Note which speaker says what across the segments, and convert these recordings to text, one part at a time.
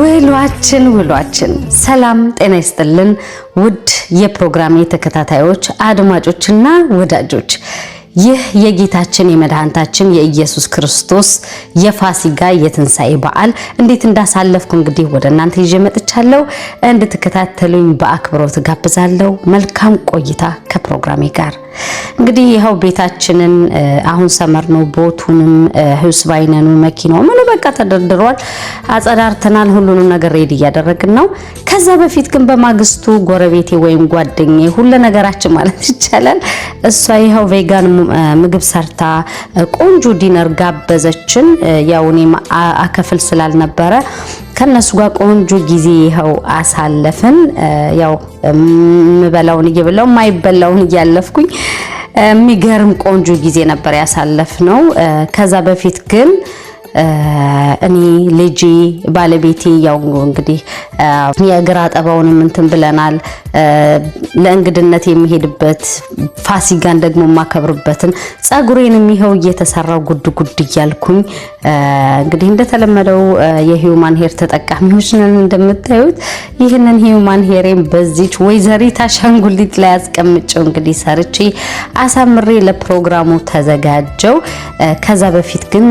Speaker 1: ውሏችን ውሏችን ሰላም ጤና ይስጥልን። ውድ የፕሮግራሜ ተከታታዮች አድማጮችና ወዳጆች ይህ የጌታችን የመድኃኒታችን የኢየሱስ ክርስቶስ የፋሲጋ የትንሣኤ በዓል እንዴት እንዳሳለፍኩ እንግዲህ ወደ እናንተ ይዤ መጥቻለሁ። እንድትከታተሉኝ በአክብሮት ጋብዛለሁ። መልካም ቆይታ ከፕሮግራሜ ጋር። እንግዲህ ይኸው ቤታችንን አሁን ሰመር ነው። ቦቱንም ህስባይነኑ መኪናው ምኑ በቃ ተደርድሯል። አጸዳርተናል። ሁሉንም ነገር ሬድ እያደረግን ነው። ከዛ በፊት ግን በማግስቱ ጎረቤቴ ወይም ጓደኛ ሁለ ነገራችን ማለት ይቻላል እሷ ይኸው ቬጋን ምግብ ሰርታ ቆንጆ ዲነር ጋበዘችን። ያው እኔም አከፍል ስላልነበረ ከነሱ ጋር ቆንጆ ጊዜ ይኸው አሳለፍን። ያው የምበላውን እየበላው የማይበላውን እያለፍኩኝ የሚገርም ቆንጆ ጊዜ ነበር ያሳለፍ ነው። ከዛ በፊት ግን እኔ ልጄ ባለቤቴ ያው እንግዲህ የእግር አጠባውን እንትን ብለናል። ለእንግድነት የሚሄድበት ፋሲጋን ደግሞ የማከብርበትን ጸጉሬንም ይኸው እየተሰራው ጉድ ጉድ እያልኩኝ እንግዲህ እንደተለመደው የሂዩማን ሄር ተጠቃሚዎች ነን። እንደምታዩት ይህንን ሂዩማን ሄሬን በዚች ወይዘሪት አሻንጉሊት ላይ አስቀምጨው እንግዲህ ሰርቼ አሳምሬ ለፕሮግራሙ ተዘጋጀው። ከዛ በፊት ግን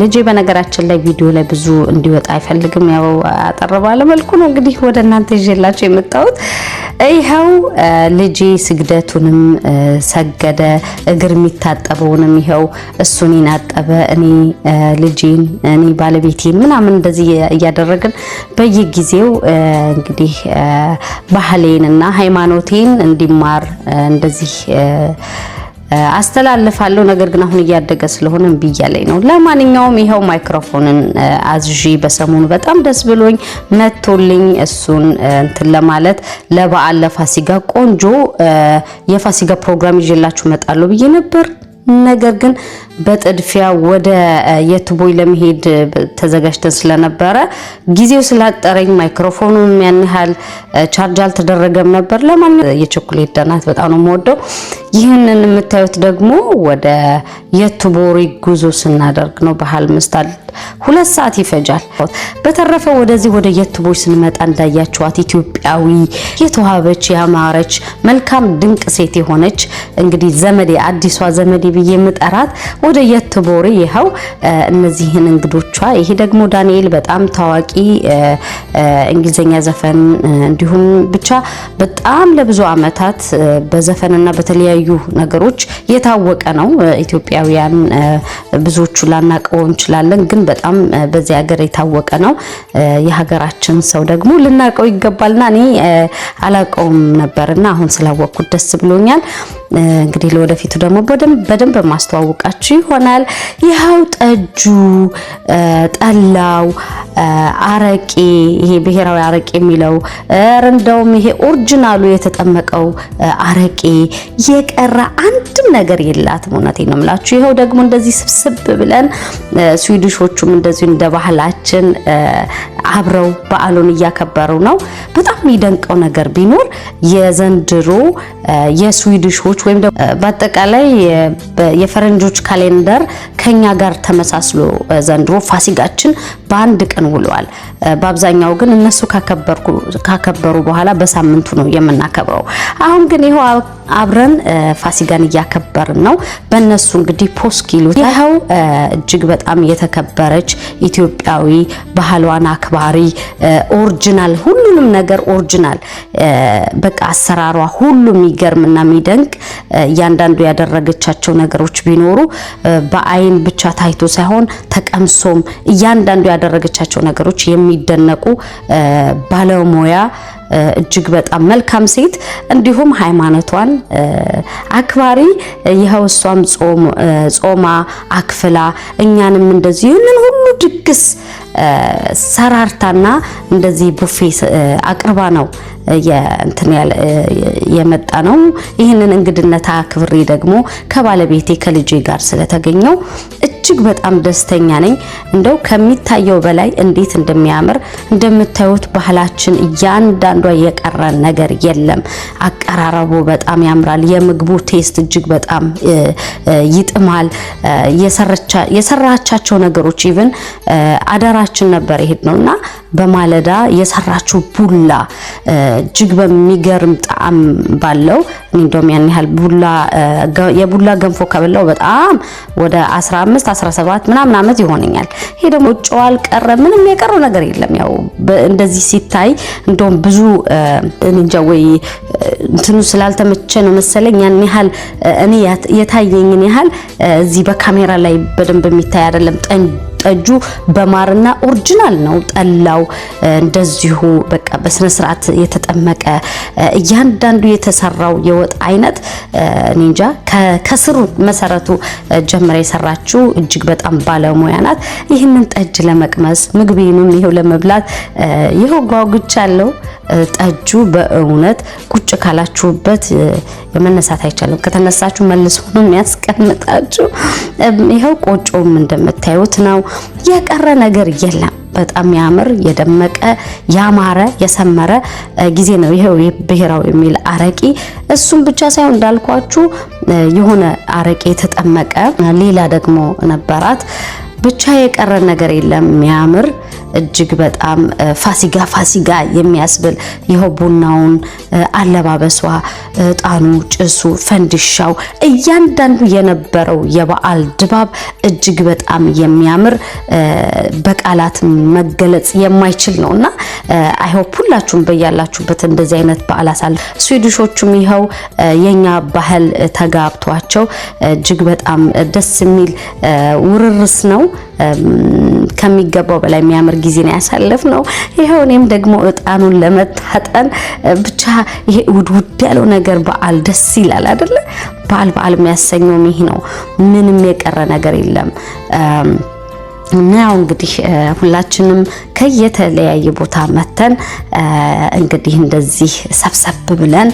Speaker 1: ልጄ እንግዲህ በነገራችን ላይ ቪዲዮ ላይ ብዙ እንዲወጣ አይፈልግም። ያው አጠር ባለ መልኩ ነው እንግዲህ ወደ እናንተ ይዤላቸው የመጣሁት። ይኸው ልጄ ስግደቱንም ሰገደ፣ እግር የሚታጠበውንም ይኸው እሱን ይናጠበ እኔ ልጄን እኔ ባለቤቴ ምናምን እንደዚህ እያደረግን በየጊዜው እንግዲህ ባህሌንና ሃይማኖቴን እንዲማር እንደዚህ አስተላልፋለሁ። ነገር ግን አሁን እያደገ ስለሆነ እምቢ እያለኝ ነው። ለማንኛውም ይኸው ማይክሮፎንን አዝዢ በሰሞኑ በጣም ደስ ብሎኝ መቶልኝ እሱን እንትን ለማለት ለበዓል ለፋሲጋ ቆንጆ የፋሲጋ ፕሮግራም ይዤላችሁ እመጣለሁ ብዬ ነበር ነገር ግን በጥድፊያ ወደ የትቦይ ለመሄድ ተዘጋጅተን ስለነበረ ጊዜው ስላጠረኝ ማይክሮፎኑም ያን ያህል ቻርጅ አልተደረገም ነበር። ለማን የቸኮሌት ዳናት በጣም ነው የምወደው። ይህንን የምታዩት ደግሞ ወደ የትቦሪ ጉዞ ስናደርግ ነው። ባህል ምስታል ሁለት ሰዓት ይፈጃል። በተረፈ ወደዚህ ወደ የትቦይ ስንመጣ እንዳያችኋት ኢትዮጵያዊ የተዋበች ያማረች መልካም ድንቅ ሴት የሆነች እንግዲህ ዘመዴ አዲሷ ዘመዴ ብዬ የምጠራት ወደ የትቦሪ ይኸው እነዚህን እንግዶቿ ይሄ ደግሞ ዳንኤል በጣም ታዋቂ እንግሊዘኛ ዘፈን እንዲሁም ብቻ በጣም ለብዙ አመታት በዘፈንና በተለያዩ ነገሮች የታወቀ ነው። ኢትዮጵያውያን ብዙዎቹ ላናቀው እንችላለን፣ ግን በጣም በዚህ ሀገር የታወቀ ነው። የሀገራችን ሰው ደግሞ ልናቀው ይገባልና እኔ አላቀውም ነበርና አሁን ስላወቅኩት ደስ ብሎኛል። እንግዲህ ለወደፊቱ ደግሞ በደንብ በደንብ ማስተዋወቃችሁ ይሆናል። ይኸው ጠጁ፣ ጠላው፣ አረቄ ይሄ ብሔራዊ አረቄ የሚለው እንደውም ይሄ ኦሪጂናሉ የተጠመቀው አረቄ የቀረ አንድም ነገር የላትም። እውነቴን ነው የምላችሁ። ይኸው ደግሞ እንደዚህ ስብስብ ብለን ስዊድሾቹም እንደዚሁ እንደ ባህላችን አብረው በዓሉን እያከበሩ ነው። በጣም የሚደንቀው ነገር ቢኖር የዘንድሮ የስዊድሾች ወይም በአጠቃላይ የፈረንጆች ካለ சேர்ந்தார் ከኛ ጋር ተመሳስሎ ዘንድሮ ፋሲጋችን በአንድ ቀን ውሏል። በአብዛኛው ግን እነሱ ካከበሩ በኋላ በሳምንቱ ነው የምናከብረው። አሁን ግን ይኸው አብረን ፋሲጋን እያከበርን ነው። በእነሱ እንግዲህ ፖስክ ይሉት። ይኸው እጅግ በጣም የተከበረች ኢትዮጵያዊ ባህሏን አክባሪ ኦሪጂናል፣ ሁሉንም ነገር ኦሪጂናል በቃ አሰራሯ ሁሉ የሚገርምና የሚደንቅ እያንዳንዱ ያደረገቻቸው ነገሮች ቢኖሩ በአይን ብቻ ታይቶ ሳይሆን ተቀምሶም እያንዳንዱ ያደረገቻቸው ነገሮች የሚደነቁ ባለሙያ እጅግ በጣም መልካም ሴት እንዲሁም ሃይማኖቷን አክባሪ ይኸው እሷም ጾማ አክፍላ እኛንም እንደዚህ ይህንን ሁሉ ድግስ ሰራርታና እንደዚህ ቡፌ አቅርባ ነው የመጣ ነው። ይህንን እንግድነት አክብሬ ደግሞ ከባለቤቴ ከልጄ ጋር ስለተገኘው እጅግ በጣም ደስተኛ ነኝ። እንደው ከሚታየው በላይ እንዴት እንደሚያምር እንደምታዩት ባህላችን እያንዳንዷ የቀረ ነገር የለም። አቀራረቡ በጣም ያምራል። የምግቡ ቴስት እጅግ በጣም ይጥማል። የሰራቻቸው ነገሮች ኢቭን አዳራችን ነበር ይሄድ ነውና በማለዳ የሰራችው ቡላ እጅግ በሚገርም ጣዕም ባለው እንደውም ያን ያህል ቡላ የቡላ ገንፎ ከበላው በጣም ወደ 15 17 ምናምን አመት ይሆነኛል። ይሄ ደግሞ ጨው አልቀረ ምንም የቀረው ነገር የለም። ያው እንደዚህ ሲታይ እንደውም ብዙ እንጃ ወይ እንትኑ ስላልተመቸ ነው መሰለኝ ያን ያህል እኔ የታየኝን ያህል እዚህ በካሜራ ላይ በደንብ የሚታይ አይደለም ጠን ጠጁ በማርና ኦሪጂናል ነው። ጠላው እንደዚሁ በቃ በስነ ስርዓት የተጠመቀ እያንዳንዱ የተሰራው የወጥ አይነት ኒንጃ ከስሩ መሰረቱ ጀምራ የሰራችው እጅግ በጣም ባለሙያ ናት። ይህንን ጠጅ ለመቅመስ ምግቤንም ይሄው ለመብላት ይሄው ጓጉቻለሁ። ጠጁ በእውነት ቁጭ ካላችሁበት የመነሳት አይቻልም። ከተነሳችሁ መልሶ ነው የሚያስቀምጣችሁ። ይኸው ቆጮም እንደምታዩት ነው። የቀረ ነገር የለም። በጣም ያምር የደመቀ ያማረ የሰመረ ጊዜ ነው። ይሄው ብሔራዊ የሚል አረቂ እሱም ብቻ ሳይሆን እንዳልኳችሁ የሆነ አረቂ የተጠመቀ ሌላ ደግሞ ነበራት። ብቻ የቀረ ነገር የለም የሚያምር እጅግ በጣም ፋሲጋ ፋሲጋ የሚያስብል ይኸው ቡናውን፣ አለባበሷ፣ እጣኑ፣ ጭሱ፣ ፈንዲሻው እያንዳንዱ የነበረው የበዓል ድባብ እጅግ በጣም የሚያምር በቃላት መገለጽ የማይችል ነው እና አይሆፕ ሁላችሁም በያላችሁበት እንደዚህ አይነት በዓል አሳል ስዊድሾቹም ይኸው የኛ ባህል ተጋብቷቸው እጅግ በጣም ደስ የሚል ውርርስ ነው ከሚገባው በላይ የሚያምር ጊዜ ነው ያሳለፍነው። ይኸው እኔም ደግሞ እጣኑን ለመታጠን ብቻ ይሄ ውድውድ ያለው ነገር በዓል ደስ ይላል አይደለ? በዓል በዓል የሚያሰኘውም ይሄ ነው። ምንም የቀረ ነገር የለም። እና ያው እንግዲህ ሁላችንም ከየተለያየ ቦታ መተን እንግዲህ እንደዚህ ሰብሰብ ብለን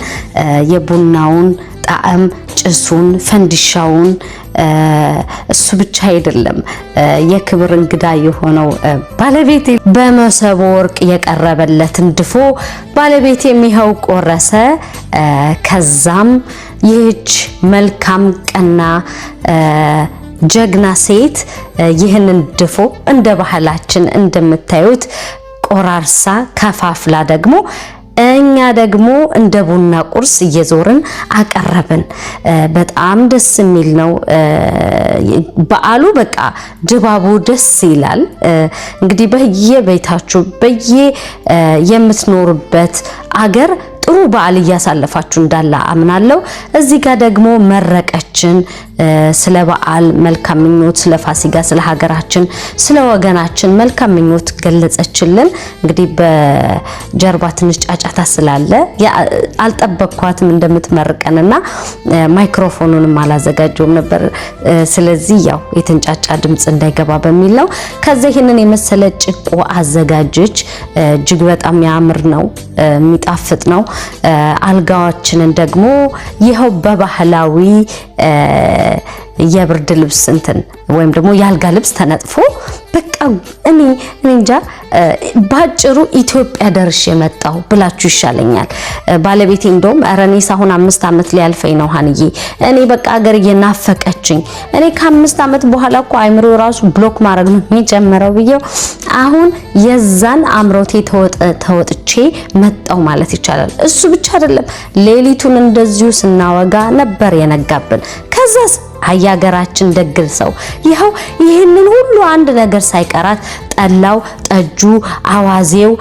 Speaker 1: የቡናውን ጣዕም፣ ጭሱን፣ ፈንዲሻውን እሱ ብቻ አይደለም የክብር እንግዳ የሆነው ባለቤቴ በመሶበ ወርቅ የቀረበለትን ድፎ ባለቤቴ የሚኸው ቆረሰ። ከዛም ይህች መልካም ቀና ጀግና ሴት ይህንን ድፎ እንደ ባህላችን እንደምታዩት ቆራርሳ ከፋፍላ ደግሞ እኛ ደግሞ እንደ ቡና ቁርስ እየዞርን አቀረብን። በጣም ደስ የሚል ነው በዓሉ። በቃ ድባቡ ደስ ይላል። እንግዲህ በየቤታችሁ በየ የምትኖርበት አገር ጥሩ በዓል እያሳለፋችሁ እንዳለ አምናለሁ። እዚህ ጋር ደግሞ መረቀችን ስለ በዓል መልካም ምኞት፣ ስለ ፋሲጋ፣ ስለ ሀገራችን፣ ስለ ወገናችን መልካም ምኞት ገለጸችልን። እንግዲህ በጀርባ ትንሽ ጫጫታ ስላለ አልጠበቅኳትም እንደምትመርቀንና ማይክሮፎኑንም አላዘጋጀውም ነበር። ስለዚህ ያው የተንጫጫ ድምፅ እንዳይገባ በሚል ነው። ከዚ ይህንን የመሰለ ጭቆ አዘጋጀች። እጅግ በጣም ያምር ነው፣ የሚጣፍጥ ነው። አልጋዋችንን ደግሞ ይኸው በባህላዊ የብርድ ልብስ እንትን ወይም ደግሞ የአልጋ ልብስ ተነጥፎ በቃ እኔ እንጃ ባጭሩ ኢትዮጵያ ደርሽ የመጣው ብላችሁ ይሻለኛል። ባለቤቴ እንደውም ረኔስ አሁን አምስት ዓመት ሊያልፈኝ ነው ሀንዬ፣ እኔ በቃ ሀገር እየናፈቀችኝ እኔ ከአምስት ዓመት በኋላ እኮ አይምሮ ራሱ ብሎክ ማድረግ ነው የሚጀምረው ብዬው አሁን የዛን አምሮቴ ተወጥቼ መጣው ማለት ይቻላል። እሱ ብቻ አይደለም፣ ሌሊቱን እንደዚሁ ስናወጋ ነበር የነጋብን ከዛስ አያገራችን ደግል ሰው ይኸው ይህንን ሁሉ አንድ ነገር ሳይቀራት ጠላው፣ ጠጁ፣ አዋዜው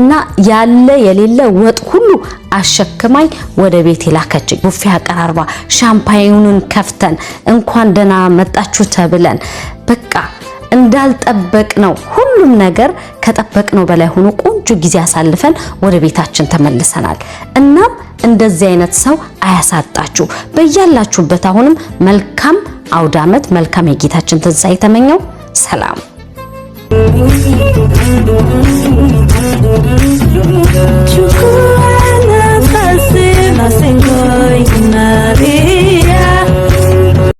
Speaker 1: እና ያለ የሌለ ወጥ ሁሉ አሸክማኝ ወደ ቤት የላከችኝ ቡፌ አቀራርባ ሻምፓይኑን ከፍተን እንኳን ደህና መጣችሁ ተብለን በቃ እንዳልጠበቅነው ሁሉም ነገር ነው በላይ ሆኖ ቆንጆ ጊዜ አሳልፈን ወደ ቤታችን ተመልሰናል። እናም እንደዚህ አይነት ሰው አያሳጣችሁ። በያላችሁበት አሁንም መልካም አውደ አመት መልካም የጌታችን ትንሳኤ የተመኘው ሰላም